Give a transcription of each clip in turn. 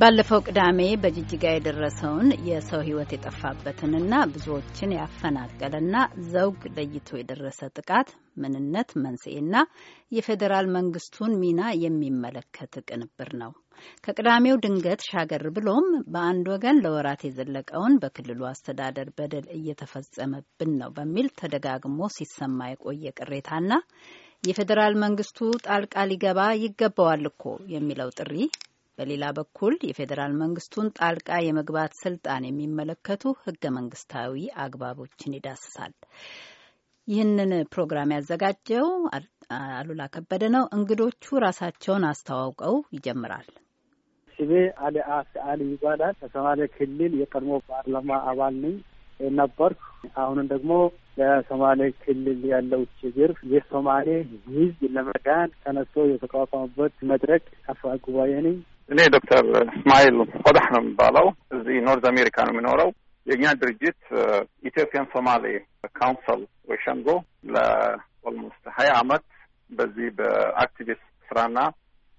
ባለፈው ቅዳሜ በጅጅጋ የደረሰውን የሰው ሕይወት የጠፋበትንና ብዙዎችን ያፈናቀለና ዘውግ ለይቶ የደረሰ ጥቃት ምንነት፣ መንስኤና የፌዴራል መንግስቱን ሚና የሚመለከት ቅንብር ነው። ከቅዳሜው ድንገት ሻገር ብሎም በአንድ ወገን ለወራት የዘለቀውን በክልሉ አስተዳደር በደል እየተፈጸመብን ነው በሚል ተደጋግሞ ሲሰማ የቆየ ቅሬታና የፌዴራል መንግስቱ ጣልቃ ሊገባ ይገባዋል እኮ የሚለው ጥሪ በሌላ በኩል የፌዴራል መንግስቱን ጣልቃ የመግባት ስልጣን የሚመለከቱ ህገ መንግስታዊ አግባቦችን ይዳስሳል። ይህንን ፕሮግራም ያዘጋጀው አሉላ ከበደ ነው። እንግዶቹ ራሳቸውን አስተዋውቀው ይጀምራል። ስሜ አሊ አስ አሊ ይባላል። ከሶማሌ ክልል የቀድሞ ፓርላማ አባል ነኝ። ነበርኩ። አሁንም ደግሞ ለሶማሌ ክልል ያለው ችግር የሶማሌ ሕዝብ ለመዳን ተነስቶ የተቋቋሙበት መድረክ አፈ ጉባኤ ነኝ። እኔ ዶክተር እስማኤል ቆዳህ ነው የሚባለው። እዚህ ኖርዝ አሜሪካ ነው የሚኖረው። የእኛ ድርጅት ኢትዮጵያን ሶማሌ ካውንስል ወይ ሸንጎ ለኦልሞስት ሀያ አመት በዚህ በአክቲቪስት ስራና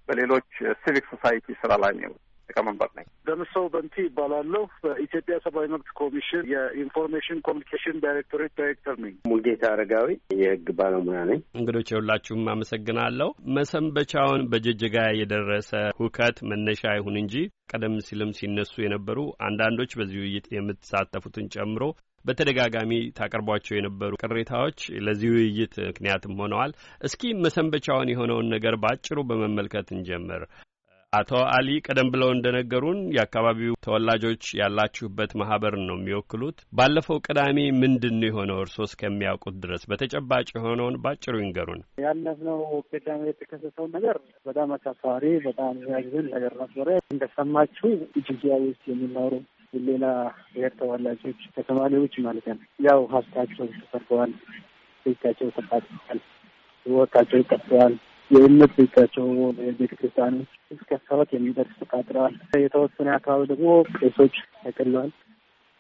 በሌሎች ሲቪክ ሶሳይቲ ስራ ላይ ነው ሊቀመንበር ነኝ። ደምሰው በንቲ ይባላለሁ። በኢትዮጵያ ሰብአዊ መብት ኮሚሽን የኢንፎርሜሽን ኮሚኒኬሽን ዳይሬክቶሬት ዳይሬክተር ነኝ። ሙልጌታ አረጋዊ የህግ ባለሙያ ነኝ። እንግዶች የሁላችሁም አመሰግናለሁ። መሰንበቻውን በጀጀጋ የደረሰ ሁከት መነሻ ይሁን እንጂ ቀደም ሲልም ሲነሱ የነበሩ አንዳንዶች በዚህ ውይይት የምትሳተፉትን ጨምሮ በተደጋጋሚ ታቀርቧቸው የነበሩ ቅሬታዎች ለዚህ ውይይት ምክንያትም ሆነዋል። እስኪ መሰንበቻውን የሆነውን ነገር በአጭሩ በመመልከት እንጀምር። አቶ አሊ ቀደም ብለው እንደነገሩን የአካባቢው ተወላጆች ያላችሁበት ማህበር ነው የሚወክሉት። ባለፈው ቅዳሜ ምንድን ነው የሆነው? እርስዎ እስከሚያውቁት ድረስ በተጨባጭ የሆነውን ባጭሩ ይንገሩን። ያለፍነው ቅዳሜ የተከሰተውን ነገር በጣም አሳፋሪ፣ በጣም ያዝን ነገር ነበረ። እንደሰማችሁ ጅጅጋ ውስጥ የሚኖሩ ሌላ ብሔር ተወላጆች ከተማሪዎች ማለት ነው ያው ሀብታቸው ተሰርፈዋል፣ ቤታቸው ተቃጥሏል፣ ህይወታቸው ይቀጥለዋል። የእምነት ቤታቸው ቤተ ክርስቲያኖች እስከ ሰባት የሚደርስ ተቃጥለዋል። የተወሰነ አካባቢ ደግሞ ቄሶች ተገለዋል።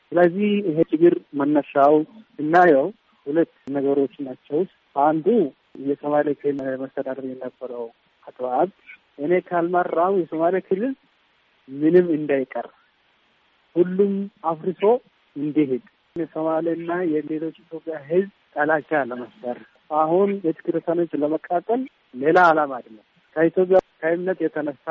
ስለዚህ ይሄ ችግር መነሻው ስናየው ሁለት ነገሮች ናቸው። አንዱ የሶማሌ ክልል መስተዳደር የነበረው አግባብ እኔ ካልመራው የሶማሌ ክልል ምንም እንዳይቀር ሁሉም አፍርሶ እንዲሄድ የሶማሌና የሌሎች ኢትዮጵያ ሕዝብ ጠላቻ ለመፍጠር አሁን ቤተ ክርስቲያኖችን ለመቃጠል ሌላ አላማ አይደለም። ከኢትዮጵያ ከእምነት የተነሳ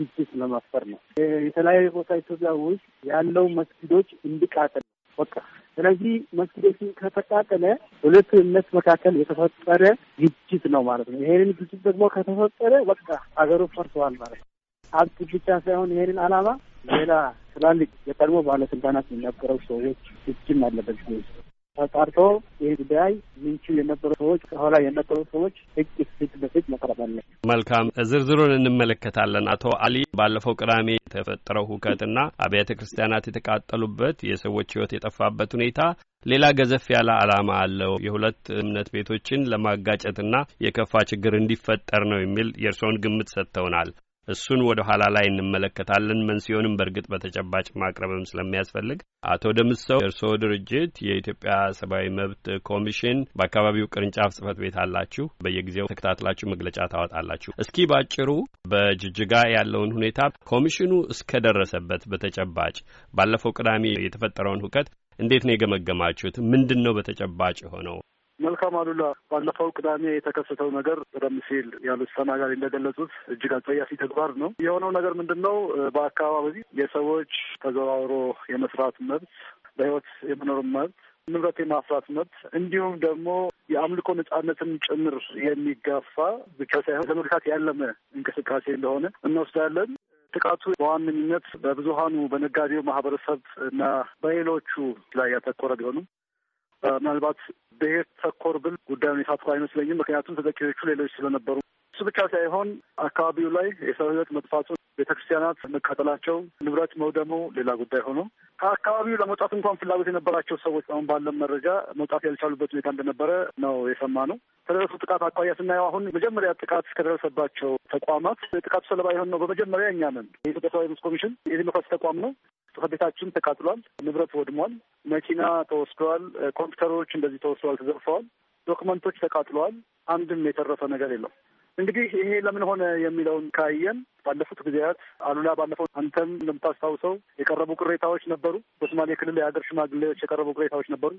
ግጭት ለማስፈር ነው። የተለያዩ ቦታ ኢትዮጵያ ውስጥ ያለው መስጊዶች እንዲቃጠል በቃ። ስለዚህ መስጊዶችን ከተቃጠለ ሁለቱ እምነት መካከል የተፈጠረ ግጭት ነው ማለት ነው። ይሄንን ግጭት ደግሞ ከተፈጠረ በቃ ሀገሩ ፈርሰዋል ማለት ነው። ሀብት ብቻ ሳይሆን ይሄንን አላማ ሌላ ትላልቅ የቀድሞ ባለስልጣናት የሚያገረው ሰዎች እጅም አለበት። ተጣርቶ ይህ ጉዳይ ምንቹ የነበሩ ሰዎች ከኋላ የነበሩ ሰዎች ህግ ፊት በፊት መቅረብ አለ። መልካም ዝርዝሩን እንመለከታለን። አቶ አሊ ባለፈው ቅዳሜ የተፈጠረው ሁከትና አብያተ ክርስቲያናት የተቃጠሉበት የሰዎች ህይወት የጠፋበት ሁኔታ ሌላ ገዘፍ ያለ ዓላማ አለው፣ የሁለት እምነት ቤቶችን ለማጋጨትና የከፋ ችግር እንዲፈጠር ነው የሚል የእርስዎን ግምት ሰጥተውናል። እሱን ወደ ኋላ ላይ እንመለከታለን። መን ሲሆንም በእርግጥ በተጨባጭ ማቅረብም ስለሚያስፈልግ አቶ ደምሰው እርስዎ ድርጅት የኢትዮጵያ ሰብአዊ መብት ኮሚሽን በአካባቢው ቅርንጫፍ ጽህፈት ቤት አላችሁ። በየጊዜው ተከታትላችሁ መግለጫ ታወጣላችሁ። እስኪ ባጭሩ በጅጅጋ ያለውን ሁኔታ ኮሚሽኑ እስከደረሰበት በተጨባጭ ባለፈው ቅዳሜ የተፈጠረውን ሁከት እንዴት ነው የገመገማችሁት? ምንድን ነው በተጨባጭ የሆነው? መልካም አሉላ፣ ባለፈው ቅዳሜ የተከሰተው ነገር ቀደም ሲል ያሉት ተናጋሪ እንደገለጹት እጅግ አጸያፊ ተግባር ነው። የሆነው ነገር ምንድን ነው? በአካባቢ የሰዎች ተዘዋውሮ የመስራት መብት፣ በህይወት የመኖር መብት፣ ንብረት የማፍራት መብት እንዲሁም ደግሞ የአምልኮ ነጻነትን ጭምር የሚጋፋ ብቻ ሳይሆን ለመግታት ያለመ እንቅስቃሴ እንደሆነ እንወስዳለን። ጥቃቱ በዋነኝነት በብዙሀኑ በነጋዴው ማህበረሰብ እና በሌሎቹ ላይ ያተኮረ ቢሆንም ምናልባት ብሔር ተኮር ብል ጉዳዩን የሳትኩ አይመስለኝም። ምክንያቱም ተጠቂዎቹ ሌሎች ስለነበሩ እሱ ብቻ ሳይሆን አካባቢው ላይ የሰው ሕይወት መጥፋቱ ቤተክርስቲያናት መቃጠላቸው፣ ንብረት መውደሙ ሌላ ጉዳይ ሆኖ ከአካባቢው ለመውጣት እንኳን ፍላጎት የነበራቸው ሰዎች አሁን ባለን መረጃ መውጣት ያልቻሉበት ሁኔታ እንደነበረ ነው የሰማነው። ከደረሱ ጥቃት አኳያ ስናየው አሁን መጀመሪያ ጥቃት እስከደረሰባቸው ተቋማት ጥቃቱ ሰለባ የሆን ነው በመጀመሪያ እኛ ነን። የኢትዮጵያ ሰብአዊ መብት ኮሚሽን የዲሞክራሲ ተቋም ነው። ጽሕፈት ቤታችን ተቃጥሏል፣ ንብረት ወድሟል፣ መኪና ተወስደዋል፣ ኮምፒውተሮች እንደዚህ ተወስደዋል፣ ተዘርፈዋል፣ ዶክመንቶች ተቃጥለዋል። አንድም የተረፈ ነገር የለም። እንግዲህ ይሄ ለምን ሆነ የሚለውን ካየን ባለፉት ጊዜያት አሉላ፣ ባለፈው አንተም እንደምታስታውሰው የቀረቡ ቅሬታዎች ነበሩ። በሶማሌ ክልል የሀገር ሽማግሌዎች የቀረቡ ቅሬታዎች ነበሩ።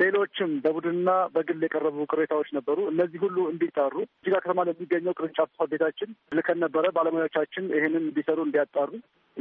ሌሎችም በቡድንና በግል የቀረቡ ቅሬታዎች ነበሩ። እነዚህ ሁሉ እንዲጣሩ ጅጋ ከተማ ለሚገኘው ቅርንጫፍ ጽሕፈት ቤታችን ልከን ነበረ። ባለሙያዎቻችን ይህንን እንዲሰሩ እንዲያጣሩ።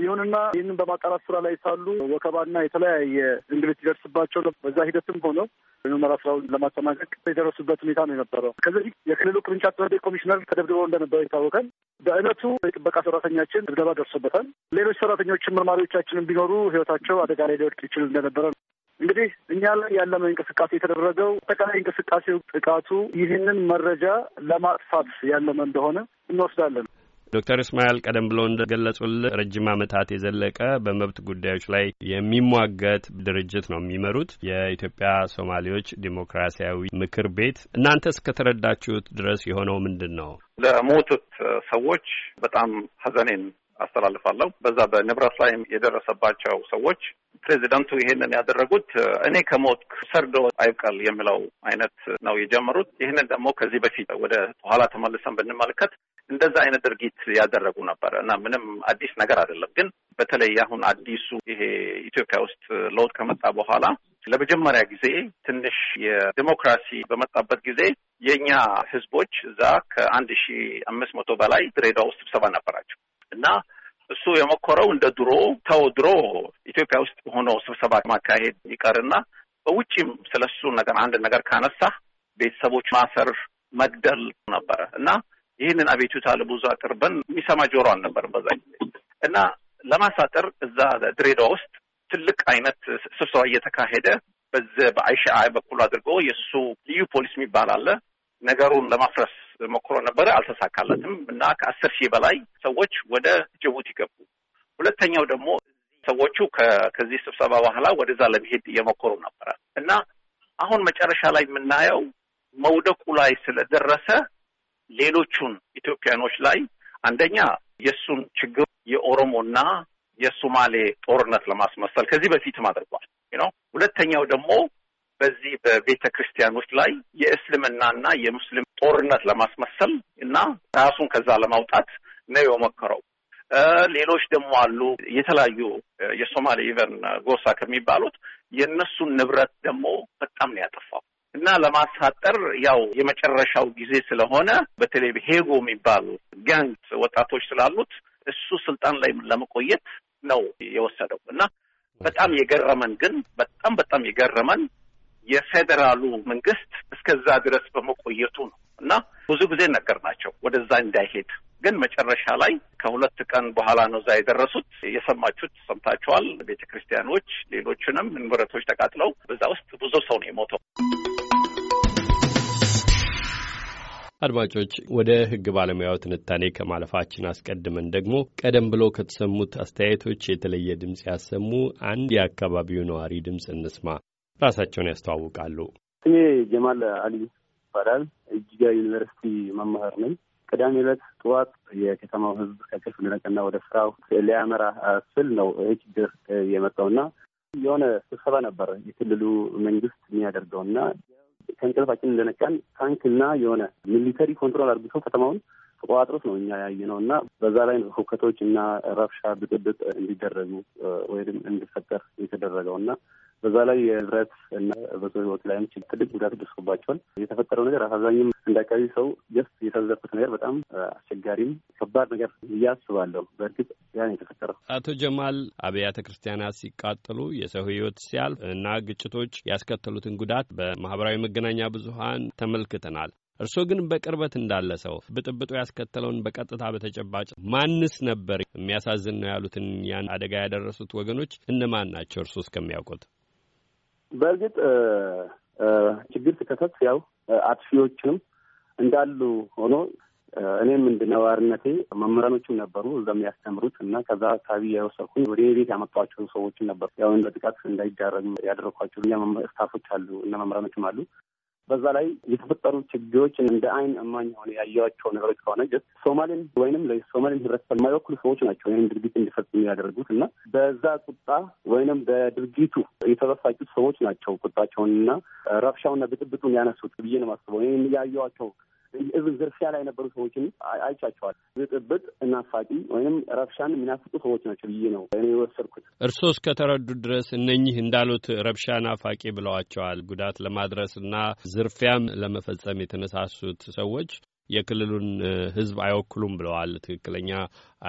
ይሁንና ይህንን በማጣራት ስራ ላይ ሳሉ ወከባና የተለያየ እንግልት ይደርስባቸው በዛ ሂደትም ሆነው ምርመራ ስራውን ለማጠናቀቅ የደረሱበት ሁኔታ ነው የነበረው። ከዚህ የክልሉ ቅርንጫፍ ጽሕፈት ቤት ኮሚሽነር ተደብድበው እንደነበረ ይታወቃል። በእለቱ የጥበቃ ሰራተኛችን ድብደባ ደርሶበታል። ሌሎች ሰራተኞችን መርማሪዎቻችንን ቢኖሩ ህይወታቸው አደጋ ላይ ሊወድቅ ይችል እንደነበረ ነው። እንግዲህ እኛ ላይ ያለመ እንቅስቃሴ የተደረገው አጠቃላይ እንቅስቃሴው ጥቃቱ ይህንን መረጃ ለማጥፋት ያለመ እንደሆነ እንወስዳለን። ዶክተር እስማኤል ቀደም ብለው እንደገለጹልን ረጅም ዓመታት የዘለቀ በመብት ጉዳዮች ላይ የሚሟገት ድርጅት ነው የሚመሩት፣ የኢትዮጵያ ሶማሌዎች ዲሞክራሲያዊ ምክር ቤት። እናንተ እስከተረዳችሁት ድረስ የሆነው ምንድን ነው? ለሞቱት ሰዎች በጣም ሀዘኔን አስተላልፋለሁ። በዛ በንብረት ላይ የደረሰባቸው ሰዎች ፕሬዚደንቱ ይሄንን ያደረጉት እኔ ከሞት ሰርዶ አይብቀል የሚለው አይነት ነው የጀመሩት። ይህንን ደግሞ ከዚህ በፊት ወደ ኋላ ተመልሰን ብንመለከት እንደዛ አይነት ድርጊት ያደረጉ ነበረ እና ምንም አዲስ ነገር አይደለም። ግን በተለይ አሁን አዲሱ ይሄ ኢትዮጵያ ውስጥ ለውጥ ከመጣ በኋላ ለመጀመሪያ ጊዜ ትንሽ የዲሞክራሲ በመጣበት ጊዜ የእኛ ህዝቦች እዛ ከአንድ ሺ አምስት መቶ በላይ ድሬዳዋ ውስጥ ስብሰባ ነበራቸው እና እሱ የሞከረው እንደ ድሮ ተው ድሮ ኢትዮጵያ ውስጥ ሆኖ ስብሰባ ማካሄድ ይቀርና በውጭም ስለሱ ነገር አንድ ነገር ካነሳ ቤተሰቦች ማሰር፣ መግደል ነበረ እና ይህንን አቤቱታ ለብዙ አቅርበን የሚሰማ ጆሮ አልነበርም በዛ ጊዜ እና ለማሳጠር እዛ ድሬዳዋ ውስጥ ትልቅ አይነት ስብሰባ እየተካሄደ በዚህ በአይሻ በኩል አድርጎ የእሱ ልዩ ፖሊስ የሚባል አለ ነገሩን ለማፍረስ ሞክሮ ነበረ፣ አልተሳካለትም እና ከአስር ሺህ በላይ ሰዎች ወደ ጅቡቲ ገቡ። ሁለተኛው ደግሞ ሰዎቹ ከዚህ ስብሰባ በኋላ ወደዛ ለመሄድ እየሞከሩ ነበረ እና አሁን መጨረሻ ላይ የምናየው መውደቁ ላይ ስለደረሰ ሌሎቹን ኢትዮጵያኖች ላይ አንደኛ የእሱን ችግር የኦሮሞና የሶማሌ ጦርነት ለማስመሰል ከዚህ በፊትም አድርጓል ነው። ሁለተኛው ደግሞ በዚህ በቤተ ክርስቲያኖች ላይ የእስልምናና የሙስሊም ጦርነት ለማስመሰል እና ራሱን ከዛ ለማውጣት ነው የሞከረው። ሌሎች ደግሞ አሉ የተለያዩ የሶማሌ ኢቨን ጎሳ ከሚባሉት የእነሱን ንብረት ደግሞ በጣም ነው ያጠፋው። እና ለማሳጠር ያው የመጨረሻው ጊዜ ስለሆነ በተለይ ሄጎ የሚባሉ ጋንግ ወጣቶች ስላሉት እሱ ስልጣን ላይ ለመቆየት ነው የወሰደው እና በጣም የገረመን ግን በጣም በጣም የገረመን የፌዴራሉ መንግስት እስከዛ ድረስ በመቆየቱ ነው እና ብዙ ጊዜ ነገር ናቸው ወደዛ እንዳይሄድ ግን መጨረሻ ላይ ከሁለት ቀን በኋላ ነው እዛ የደረሱት። የሰማችሁት ሰምታችኋል። ቤተ ክርስቲያኖች፣ ሌሎችንም ንብረቶች ተቃጥለው በዛ ውስጥ ብዙ ሰው ነው የሞተው። አድማጮች ወደ ህግ ባለሙያው ትንታኔ ከማለፋችን አስቀድመን ደግሞ ቀደም ብሎ ከተሰሙት አስተያየቶች የተለየ ድምፅ ያሰሙ አንድ የአካባቢው ነዋሪ ድምፅ እንስማ። ራሳቸውን ያስተዋውቃሉ። ስሜ ጀማል አሊ ይባላል። እጅጋ ዩኒቨርሲቲ መምህር ነኝ። ቅዳሜ ዕለት ጠዋት የከተማው ህዝብ ከክፍል ሊነቅና ወደ ስራው ሊያመራ ስል ነው ይህ ችግር የመጣውና የሆነ ስብሰባ ነበር የክልሉ መንግስት የሚያደርገውና ከእንቅልፋችን እንደነቃን ታንክና የሆነ ሚሊተሪ ኮንትሮል አድርግተው ከተማውን ተቋጥሮት ነው እኛ ያየ ነው እና በዛ ላይ ሁከቶች እና ረብሻ ብጥብጥ እንዲደረጉ ወይም እንዲፈጠር የተደረገው እና በዛ ላይ የንብረት እና በሰው ህይወት ላይም ትልቅ ጉዳት ደርሶባቸዋል። የተፈጠረው ነገር አሳዛኝም እንዳካባቢ ሰው ገስ የተዘረፉት ነገር በጣም አስቸጋሪም ከባድ ነገር እያስባለሁ። በእርግጥ ያን የተፈጠረው አቶ ጀማል አብያተ ክርስቲያናት ሲቃጠሉ የሰው ህይወት ሲያልፍ እና ግጭቶች ያስከተሉትን ጉዳት በማህበራዊ መገናኛ ብዙሀን ተመልክተናል። እርስዎ ግን በቅርበት እንዳለ ሰው ብጥብጡ ያስከተለውን በቀጥታ በተጨባጭ ማንስ ነበር የሚያሳዝን ነው ያሉትን ያን አደጋ ያደረሱት ወገኖች እነማን ናቸው? እርስዎ እስከሚያውቁት በእርግጥ ችግር ሲከሰት ያው አጥፊዎችንም እንዳሉ ሆኖ እኔም እንደ ነዋሪነቴ መምህራኖችም ነበሩ እዛ የሚያስተምሩት እና ከዛ አካባቢ የወሰድኩኝ ወደ ቤት ያመጧቸው ሰዎችም ነበሩ። ያው እንደ ጥቃት እንዳይዳረጉ ያደረኳቸው እኛ ስታፎች አሉ እና መምህራኖችም አሉ። በዛ ላይ የተፈጠሩ ችግሮች እንደ አይን እማኝ ሆነ ያየዋቸው ነገሮች ከሆነ ጀስት ሶማሌን ወይንም ለሶማሌን ህብረተሰብ የማይወክሉ ሰዎች ናቸው ይህን ድርጊት እንዲፈጽሙ ያደረጉት እና በዛ ቁጣ ወይንም በድርጊቱ የተበሳጩት ሰዎች ናቸው ቁጣቸውን እና ረብሻውና ብጥብጡን ያነሱት ብዬ ነው የማስበው። ይህን ያየዋቸው እብን ዝርፊያ ላይ የነበሩ ሰዎችን አይቻቸዋል። ብጥብጥ እና ፋቂ ወይም ረብሻን የሚናፍቁ ሰዎች ናቸው ብዬ ነው እኔ የወሰድኩት። እርስዎ እስከተረዱ ድረስ እነኚህ እንዳሉት ረብሻና ፋቂ ብለዋቸዋል። ጉዳት ለማድረስ እና ዝርፊያም ለመፈጸም የተነሳሱት ሰዎች የክልሉን ሕዝብ አይወክሉም ብለዋል። ትክክለኛ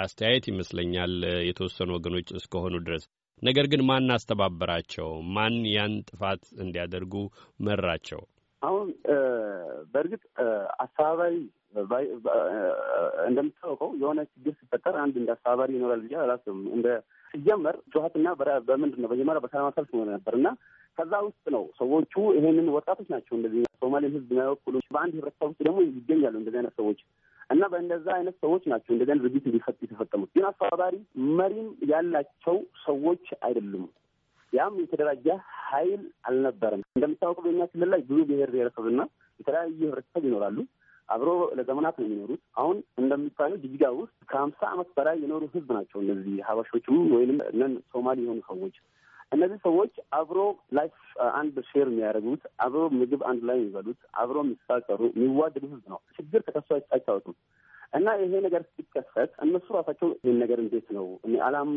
አስተያየት ይመስለኛል የተወሰኑ ወገኖች እስከሆኑ ድረስ። ነገር ግን ማን አስተባበራቸው? ማን ያን ጥፋት እንዲያደርጉ መራቸው? አሁን በእርግጥ አስተባባሪ እንደምታወቀው የሆነ ችግር ሲፈጠር አንድ እንደ አስተባባሪ ይኖራል ብዬ አላስብም። እንደ ሲጀመር ጨዋታና በምንድን ነው መጀመሪያ በሰላማዊ ሰልፍ ሆነ ነበር እና ከዛ ውስጥ ነው ሰዎቹ ይሄንን ወጣቶች ናቸው እንደዚህ ሶማሌን ህዝብ የሚያወክሉ በአንድ ህብረተሰብ ውስጥ ደግሞ ይገኛሉ እንደዚህ አይነት ሰዎች እና በእንደዛ አይነት ሰዎች ናቸው እንደዚህ አይነት ድርጊት እንዲፈጥ የተፈጠሙት። ግን አስተባባሪ መሪም ያላቸው ሰዎች አይደሉም። ያም የተደራጀ ኃይል አልነበረም። እንደምታወቁ በኛ ክልል ላይ ብዙ ብሔር ብሔረሰብና የተለያዩ ህብረተሰብ ይኖራሉ። አብሮ ለዘመናት ነው የሚኖሩት። አሁን እንደሚባለው ጅጅጋ ውስጥ ከሀምሳ ዓመት በላይ የኖሩ ህዝብ ናቸው። እነዚህ ሀበሾችም ወይም ነን ሶማሊ የሆኑ ሰዎች እነዚህ ሰዎች አብሮ ላይፍ አንድ ሼር የሚያደርጉት አብሮ ምግብ አንድ ላይ የሚበሉት አብሮ የሚፋቀሩ የሚዋደዱ ህዝብ ነው። ችግር ተከሶ አይታወቅም እና ይሄ ነገር ሲከሰት እነሱ ራሳቸው ይህን ነገር እንዴት ነው አላም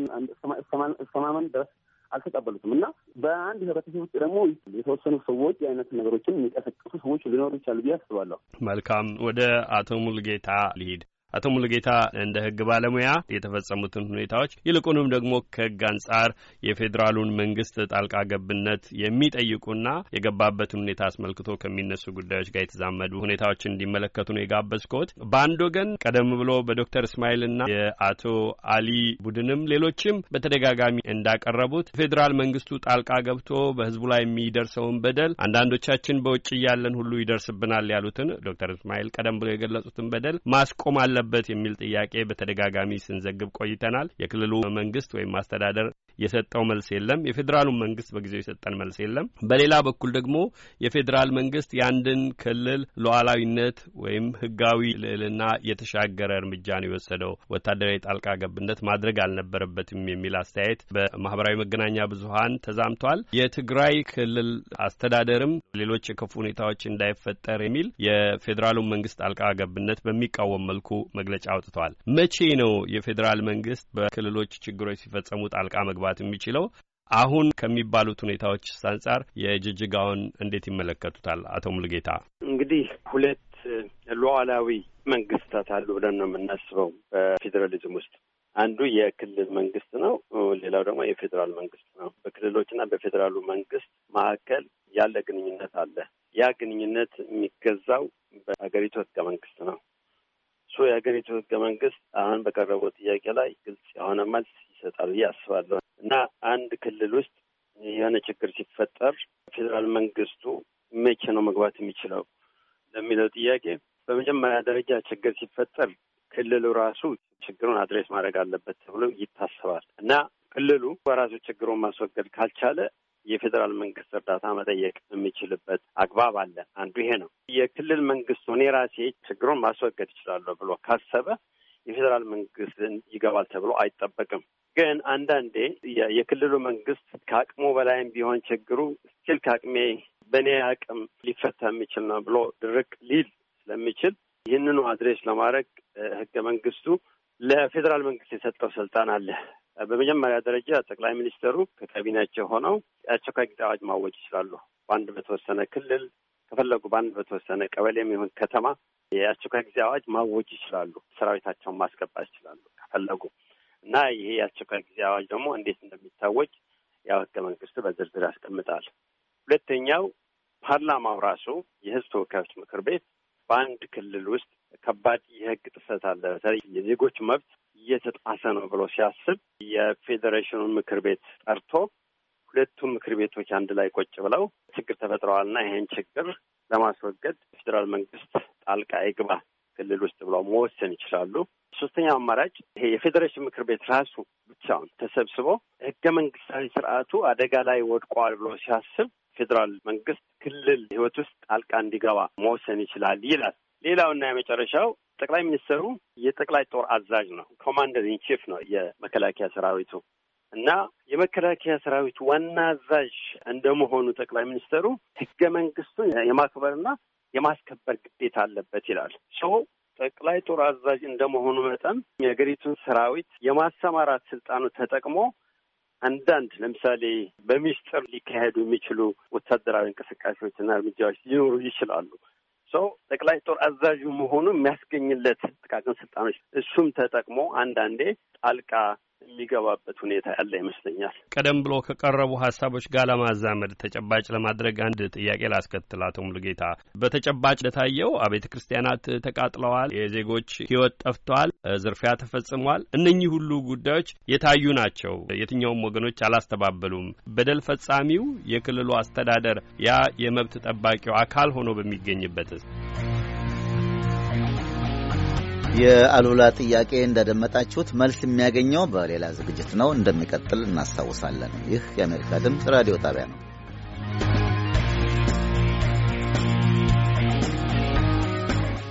እስከማመን ድረስ አልተቀበሉትም እና በአንድ ህብረተሰብ ውስጥ ደግሞ የተወሰኑ ሰዎች የአይነት ነገሮችን የሚቀሰቅሱ ሰዎች ሊኖሩ ይቻሉ ብዬ አስባለሁ። መልካም ወደ አቶ ሙልጌታ ሊሄድ አቶ ሙሉጌታ እንደ ህግ ባለሙያ የተፈጸሙትን ሁኔታዎች ይልቁንም ደግሞ ከህግ አንጻር የፌዴራሉን መንግስት ጣልቃ ገብነት የሚጠይቁና የገባበትን ሁኔታ አስመልክቶ ከሚነሱ ጉዳዮች ጋር የተዛመዱ ሁኔታዎችን እንዲመለከቱ ነው የጋበዝኩት። በአንድ ወገን ቀደም ብሎ በዶክተር እስማኤልና የአቶ አሊ ቡድንም ሌሎችም በተደጋጋሚ እንዳቀረቡት ፌዴራል መንግስቱ ጣልቃ ገብቶ በህዝቡ ላይ የሚደርሰውን በደል አንዳንዶቻችን በውጭ እያለን ሁሉ ይደርስብናል ያሉትን ዶክተር እስማኤል ቀደም ብሎ የገለጹትን በደል ማስቆም አለ አለበት የሚል ጥያቄ በተደጋጋሚ ስንዘግብ ቆይተናል። የክልሉ መንግስት ወይም አስተዳደር የሰጠው መልስ የለም። የፌዴራሉ መንግስት በጊዜው የሰጠን መልስ የለም። በሌላ በኩል ደግሞ የፌዴራል መንግስት የአንድን ክልል ሉዓላዊነት ወይም ህጋዊ ልዕልና የተሻገረ እርምጃ ነው የወሰደው፣ ወታደራዊ ጣልቃ ገብነት ማድረግ አልነበረበትም የሚል አስተያየት በማህበራዊ መገናኛ ብዙሀን ተዛምቷል። የትግራይ ክልል አስተዳደርም ሌሎች የከፉ ሁኔታዎች እንዳይፈጠር የሚል የፌዴራሉን መንግስት ጣልቃ ገብነት በሚቃወም መልኩ መግለጫ አውጥተዋል። መቼ ነው የፌዴራል መንግስት በክልሎች ችግሮች ሲፈጸሙ ጣልቃ መግባት የሚችለው? አሁን ከሚባሉት ሁኔታዎች አንጻር የጅጅጋውን እንዴት ይመለከቱታል? አቶ ሙልጌታ። እንግዲህ ሁለት ሉዓላዊ መንግስታት አሉ ብለን ነው የምናስበው በፌዴራሊዝም ውስጥ አንዱ የክልል መንግስት ነው። ሌላው ደግሞ የፌዴራል መንግስት ነው። በክልሎችና በፌዴራሉ መንግስት መካከል ያለ ግንኙነት አለ። ያ ግንኙነት የሚገዛው በሀገሪቱ ህገ መንግስት ነው። እሱ የሀገሪቱ ህገ መንግስት አሁን በቀረበው ጥያቄ ላይ ግልጽ የሆነ መልስ ይሰጣል ብዬ አስባለሁ እና አንድ ክልል ውስጥ የሆነ ችግር ሲፈጠር ፌዴራል መንግስቱ መቼ ነው መግባት የሚችለው ለሚለው ጥያቄ በመጀመሪያ ደረጃ ችግር ሲፈጠር ክልሉ ራሱ ችግሩን አድሬስ ማድረግ አለበት ተብሎ ይታሰባል እና ክልሉ በራሱ ችግሩን ማስወገድ ካልቻለ የፌዴራል መንግስት እርዳታ መጠየቅ የሚችልበት አግባብ አለ። አንዱ ይሄ ነው። የክልል መንግስት እኔ ራሴ ችግሩን ማስወገድ እችላለሁ ብሎ ካሰበ የፌዴራል መንግስት ይገባል ተብሎ አይጠበቅም። ግን አንዳንዴ የክልሉ መንግስት ከአቅሙ በላይም ቢሆን ችግሩ ስቲል ከአቅሜ በእኔ አቅም ሊፈታ የሚችል ነው ብሎ ድርቅ ሊል ስለሚችል ይህንኑ አድሬስ ለማድረግ ህገ መንግስቱ ለፌዴራል መንግስት የሰጠው ስልጣን አለ። በመጀመሪያ ደረጃ ጠቅላይ ሚኒስትሩ ከካቢናቸው ሆነው የአስቸኳይ ጊዜ አዋጅ ማወጅ ይችላሉ። በአንድ በተወሰነ ክልል ከፈለጉ በአንድ በተወሰነ ቀበሌም ይሁን ከተማ የአስቸኳይ ጊዜ አዋጅ ማወጅ ይችላሉ። ሰራዊታቸውን ማስገባት ይችላሉ ከፈለጉ እና ይሄ የአስቸኳይ ጊዜ አዋጅ ደግሞ እንዴት እንደሚታወጅ ያው ህገ መንግስቱ በዝርዝር ያስቀምጣል። ሁለተኛው ፓርላማው ራሱ የህዝብ ተወካዮች ምክር ቤት በአንድ ክልል ውስጥ ከባድ የህግ ጥሰት አለ፣ በተለይ የዜጎች መብት እየተጣሰ ነው ብሎ ሲያስብ የፌዴሬሽኑን ምክር ቤት ጠርቶ ሁለቱም ምክር ቤቶች አንድ ላይ ቆጭ ብለው ችግር ተፈጥረዋልና ይህን ችግር ለማስወገድ ፌዴራል መንግስት ጣልቃ ይግባ ክልል ውስጥ ብለው መወሰን ይችላሉ። ሶስተኛው አማራጭ ይሄ የፌዴሬሽን ምክር ቤት ራሱ ብቻውን ተሰብስቦ ህገ መንግስታዊ ስርዓቱ አደጋ ላይ ወድቋል ብሎ ሲያስብ ፌዴራል መንግስት ክልል ህይወት ውስጥ ጣልቃ እንዲገባ መወሰን ይችላል ይላል። ሌላውና የመጨረሻው ጠቅላይ ሚኒስትሩ የጠቅላይ ጦር አዛዥ ነው። ኮማንደር ኢን ቺፍ ነው የመከላከያ ሰራዊቱ እና የመከላከያ ሰራዊቱ ዋና አዛዥ እንደመሆኑ ጠቅላይ ሚኒስትሩ ህገ መንግስቱን የማክበርና የማስከበር ግዴታ አለበት ይላል። ጠቅላይ ጦር አዛዥ እንደመሆኑ መጠን የሀገሪቱን ሰራዊት የማሰማራት ስልጣኑ ተጠቅሞ አንዳንድ ለምሳሌ በሚስጥር ሊካሄዱ የሚችሉ ወታደራዊ እንቅስቃሴዎችና እርምጃዎች ሊኖሩ ይችላሉ። ሰው ጠቅላይ ጦር አዛዡ መሆኑ የሚያስገኝለት ጥቃቅን ስልጣኖች እሱም ተጠቅሞ አንዳንዴ ጣልቃ የሚገባበት ሁኔታ ያለ ይመስለኛል። ቀደም ብሎ ከቀረቡ ሀሳቦች ጋር ለማዛመድ ተጨባጭ ለማድረግ አንድ ጥያቄ ላስከትል። አቶ ሙሉጌታ በተጨባጭ ለታየው አቤተ ክርስቲያናት ተቃጥለዋል፣ የዜጎች ህይወት ጠፍተዋል፣ ዝርፊያ ተፈጽሟል። እነኚህ ሁሉ ጉዳዮች የታዩ ናቸው። የትኛውም ወገኖች አላስተባበሉም። በደል ፈጻሚው የክልሉ አስተዳደር ያ የመብት ጠባቂው አካል ሆኖ በሚገኝበትስ የአሉላ ጥያቄ እንዳደመጣችሁት መልስ የሚያገኘው በሌላ ዝግጅት ነው። እንደሚቀጥል እናስታውሳለን። ይህ የአሜሪካ ድምፅ ራዲዮ ጣቢያ ነው።